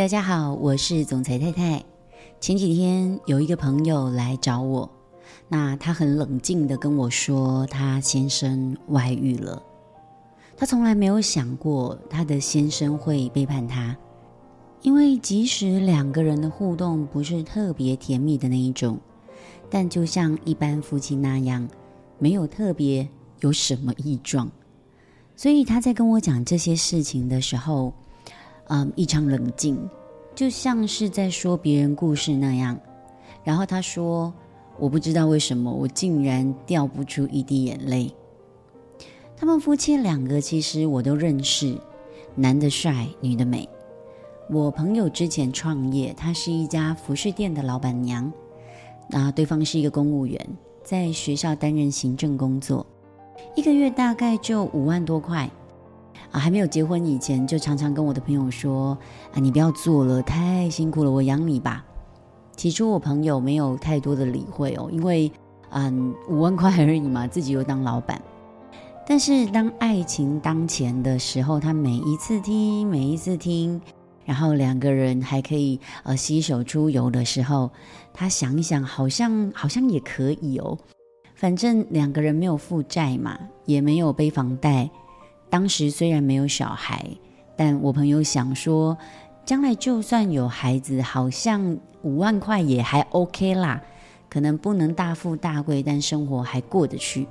大家好，我是總裁太太。前幾天有一個朋友來找我，那他很冷靜地跟我說，他先生外遇了。他從來沒有想過他的先生會背叛他，因為即使兩個人的互動不是特別甜蜜的那一種，但就像一般夫妻那樣，沒有特別有什麼異狀。所以他在跟我講這些事情的時候，嗯，異常、um, 冷靜，就像是在說別人故事那樣。然後他說：“我不知道為什麼，我竟然掉不出一滴眼淚。”他們夫妻兩個其實我都認識，男的帥，女的美。我朋友之前創業，他是一家服飾店的老闆娘。那、啊、對方是一個公務員，在學校擔任行政工作，一個月大概就五萬多塊。啊，還沒有結婚以前，就常常跟我的朋友說：“啊，你不要做了，太辛苦了，我養你吧。”起初我朋友沒有太多的理會哦，因為，嗯，五萬塊而已嘛，自己又當老板。但是當愛情當前的時候，他每一次聽，每一次聽，然後兩個人還可以呃洗手出遊的時候，他想一想，好像好像也可以哦，反正兩個人沒有負債嘛，也沒有背房貸。當時雖然沒有小孩，但我朋友想說，將來就算有孩子，好像五萬塊也還 OK 啦，可能不能大富大貴，但生活還過得去。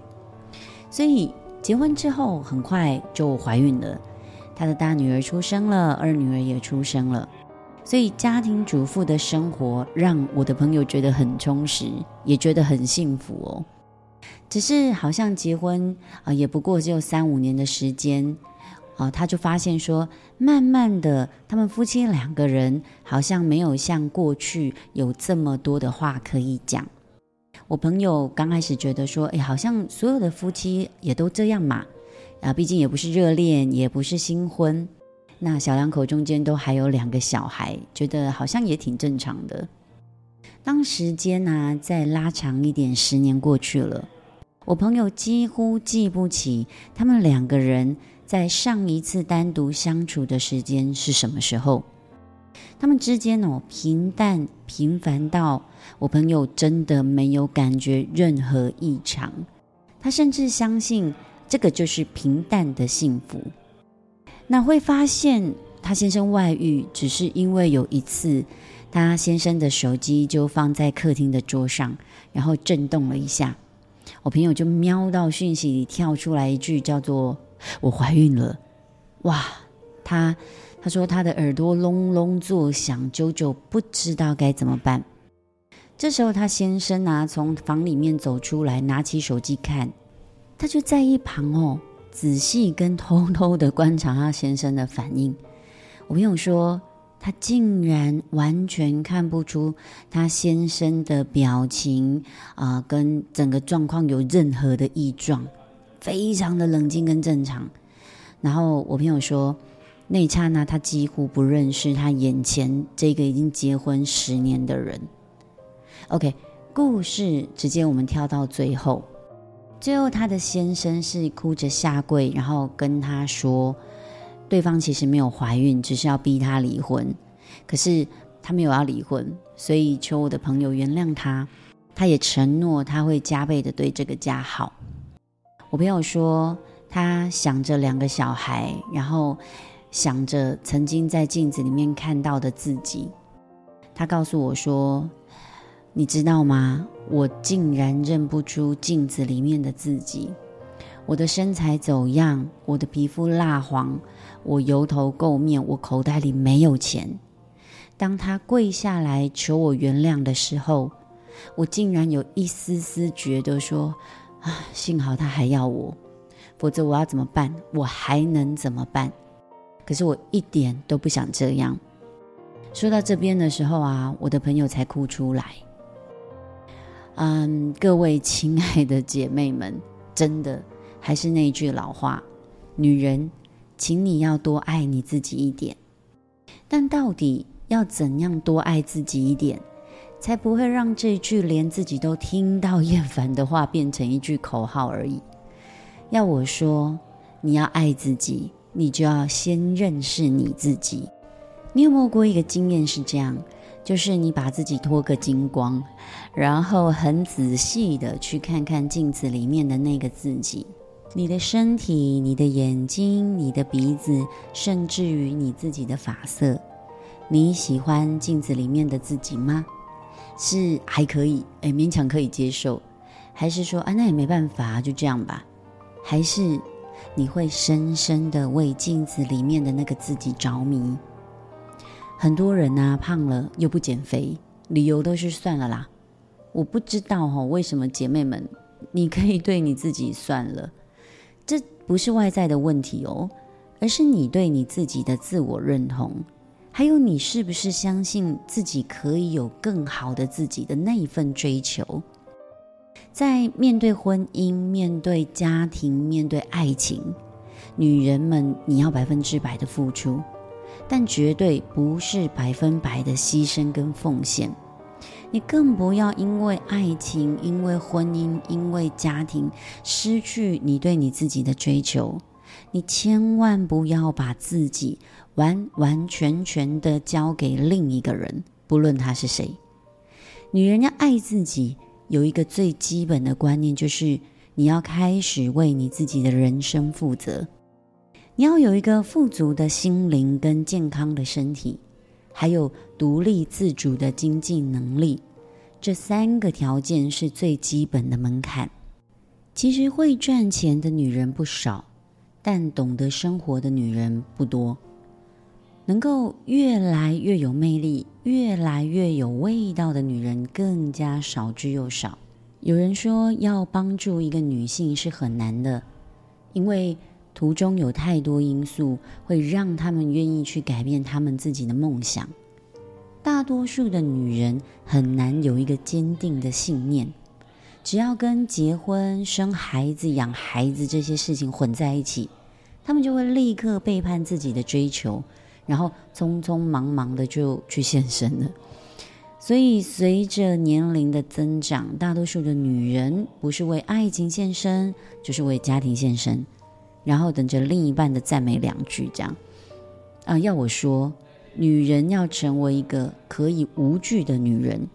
所以結婚之後很快就懷孕了，她的大女兒出生了，二女兒也出生了，所以家庭主婦的生活讓我的朋友覺得很充實，也覺得很幸福哦。只是好像結婚啊、呃，也不過只有三五年的時間，啊、呃，他就發現說，慢慢的，他們夫妻兩個人好像沒有像過去有這麼多的話可以講。我朋友剛開始覺得說，哎、欸，好像所有的夫妻也都這樣嘛，啊，畢竟也不是熱戀，也不是新婚，那小兩口中間都還有兩個小孩，覺得好像也挺正常的。當時間啊再拉長一點，十年過去了。我朋友幾乎記不起他們兩個人在上一次單獨相處的時間是什麼時候。他們之間哦，平淡平凡到我朋友真的沒有感覺任何異常，他甚至相信這個就是平淡的幸福。那會發現他先生外遇，只是因為有一次他先生的手機就放在客廳的桌上，然後震動了一下。我朋友就瞄到訊息裡跳出來一句叫做“我懷孕了”，哇！他他說他的耳朵隆隆作響，久久不知道該怎麼辦。這時候他先生啊從房裡面走出來，拿起手機看，他就在一旁哦仔細跟偷偷的觀察他先生的反應。我朋友說。他竟然完全看不出他先生的表情啊，呃，跟整個狀況有任何的異狀，非常的冷靜跟正常。然後我朋友說，那一剎那他幾乎不認識他眼前這個已經結婚十年的人。OK，故事直接我們跳到最後，最後他的先生是哭着下跪，然後跟他說。對方其實沒有懷孕，只是要逼他離婚。可是他沒有要離婚，所以求我的朋友原諒他。他也承諾，他會加倍的對這個家好。我朋友說，他想着兩個小孩，然後想着曾經在鏡子裡面看到的自己。他告訴我說：“你知道嗎？我竟然認不出鏡子裡面的自己。”我的身材走樣，我的皮膚蠟黃，我油頭垢面，我口袋裡沒有錢。當他跪下來求我原諒的時候，我竟然有一絲絲覺得說：“啊，幸好他還要我，否則我要怎麼辦？我還能怎麼辦？”可是我一點都不想這樣。說到這邊的時候啊，我的朋友才哭出來。嗯，各位親愛的姐妹們，真的。還是那一句老話，女人，請你要多愛你自己一點。但到底要怎樣多愛自己一點，才不會讓這句連自己都聽到厭煩的話變成一句口號而已？要我說，你要愛自己，你就要先認識你自己。你有沒有過一個經驗是這樣？就是你把自己脫個精光，然後很仔細的去看看鏡子裡面的那個自己。你的身體，你的眼睛，你的鼻子，甚至於你自己的髮色，你喜歡鏡子裡面的自己嗎？是還可以，哎，勉強可以接受，還是說啊，那也沒辦法，就這樣吧？還是你會深深的為鏡子裡面的那個自己着迷？很多人啊，胖了又不減肥，理由都是算了啦。我不知道哦，為什麼姐妹們，你可以對你自己算了。這不是外在的問題哦，而是你對你自己的自我認同，還有你是不是相信自己可以有更好的自己的那一份追求，在面對婚姻、面對家庭、面對愛情，女人們你要百分之百的付出，但絕對不是百分百的犧牲跟奉獻。你更不要因為愛情、因為婚姻、因為家庭，失去你對你自己的追求。你千萬不要把自己完完全全的交給另一個人，不論他是誰。女人要愛自己，有一個最基本的觀念，就是你要開始為你自己的人生負責。你要有一個富足的心靈跟健康的身體。還有獨立自主的經濟能力，這三個條件是最基本的門檻。其實會賺錢的女人不少，但懂得生活的女人不多，能夠越來越有魅力，越來越有味道的女人更加少之又少。有人說，要幫助一個女性是很難的，因為，途中有太多因素會讓他們願意去改變他們自己的夢想。大多數的女人很難有一個堅定的信念，只要跟結婚、生孩子、養孩子這些事情混在一起，他們就會立刻背叛自己的追求，然後匆匆忙忙的就去獻身了。所以，隨着年齡的增長，大多數的女人不是為愛情獻身，就是為家庭獻身。然後等着另一半的讚美兩句，這樣啊？要我說，女人要成為一個可以無懼的女人，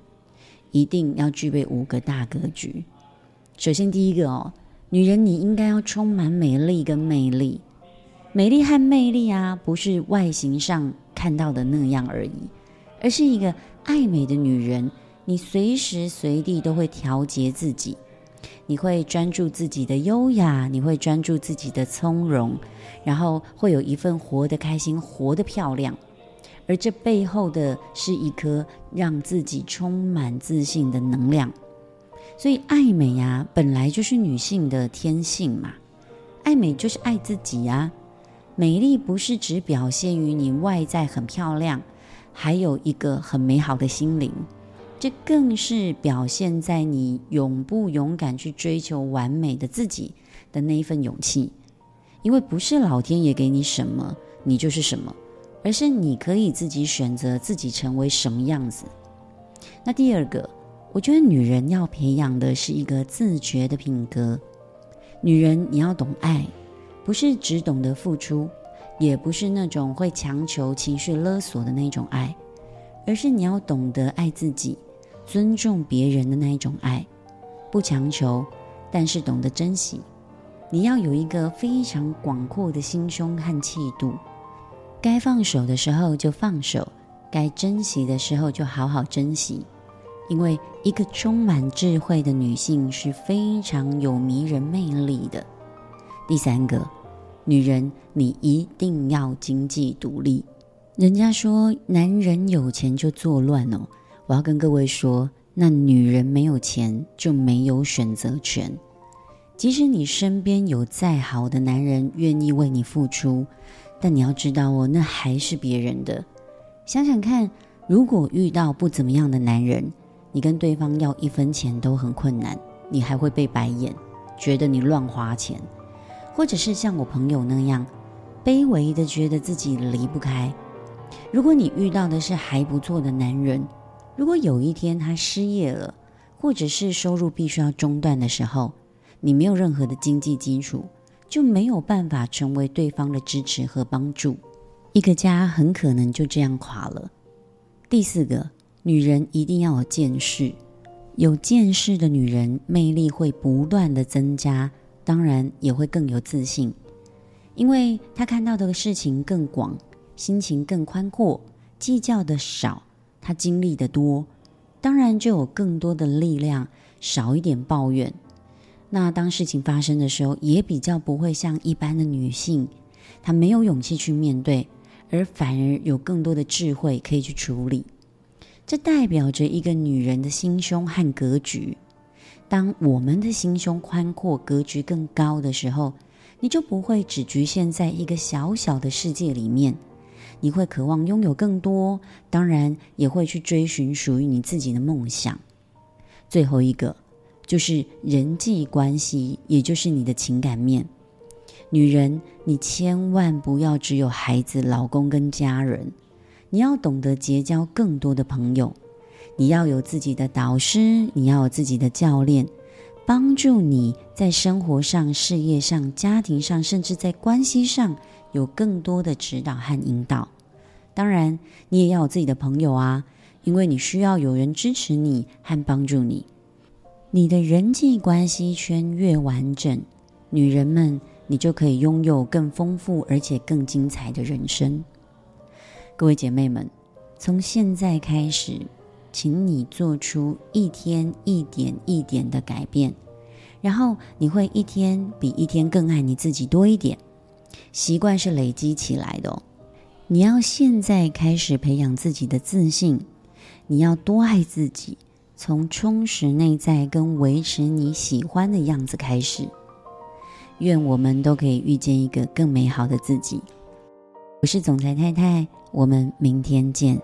一定要具備五個大格局。首先，第一個哦，女人你應該要充滿美麗跟魅力。美麗和魅力啊，不是外形上看到的那樣而已，而是一個愛美的女人，你隨時隨地都會調節自己。你會專注自己的優雅，你會專注自己的從容，然後會有一份活得開心、活得漂亮。而這背後的是一顆讓自己充滿自信的能量。所以愛美啊，本來就是女性的天性嘛。愛美就是愛自己啊。美麗不是只表現於你外在很漂亮，還有一個很美好的心靈。這更是表現在你勇不勇敢去追求完美的自己的那一份勇氣，因為不是老天爺給你什麼，你就是什麼，而是你可以自己選擇自己成為什麼樣子。那第二個，我覺得女人要培養的是一個自覺的品格。女人，你要懂愛，不是只懂得付出，也不是那種會強求情緒勒索的那種愛，而是你要懂得愛自己。尊重別人的那一種愛，不強求，但是懂得珍惜。你要有一個非常廣闊的心胸和氣度，該放手的時候就放手，該珍惜的時候就好好珍惜。因為一個充滿智慧的女性是非常有迷人魅力的。第三個，女人，你一定要經濟獨立。人家說男人有錢就作亂哦。我要跟各位說，那女人沒有錢就沒有選擇權。即使你身邊有再好的男人願意為你付出，但你要知道哦，那還是別人的。想想看，如果遇到不怎麼樣的男人，你跟對方要一分錢都很困難，你還會被白眼，覺得你亂花錢，或者是像我朋友那樣卑微的覺得自己離不開。如果你遇到的是還不錯的男人，如果有一天他失業了，或者是收入必須要中斷的時候，你沒有任何的經濟基礎，就沒有辦法成為對方的支持和幫助，一個家很可能就這樣垮了。第四個，女人一定要有見識，有見識的女人魅力會不斷的增加，當然也會更有自信，因為她看到的事情更廣，心情更寬闊，計較的少。她經歷的多，當然就有更多的力量，少一點抱怨。那當事情發生的時候，也比較不會像一般的女性，她沒有勇氣去面對，而反而有更多的智慧可以去處理。這代表着一個女人的心胸和格局。當我們的心胸寬闊、格局更高的時候，你就不會只侷限在一個小小的世界裡面。你會渴望擁有更多，當然也會去追尋屬於你自己的夢想。最後一個就是人際關係，也就是你的情感面。女人，你千萬不要只有孩子、老公跟家人，你要懂得結交更多的朋友，你要有自己的導師，你要有自己的教練，幫助你在生活上、事業上、家庭上，甚至在關係上有更多的指導和引導。當然，你也要有自己的朋友啊，因為你需要有人支持你和幫助你。你的人際關係圈越完整，女人們，你就可以擁有更豐富而且更精彩的人生。各位姐妹們，從現在開始，請你做出一天一點一點的改變，然後你會一天比一天更愛你自己多一點。習慣是累積起來的哦。你要現在開始培養自己的自信，你要多愛自己，從充實內在跟維持你喜歡的樣子開始。願我們都可以遇見一個更美好的自己。我是總裁太太，我們明天見。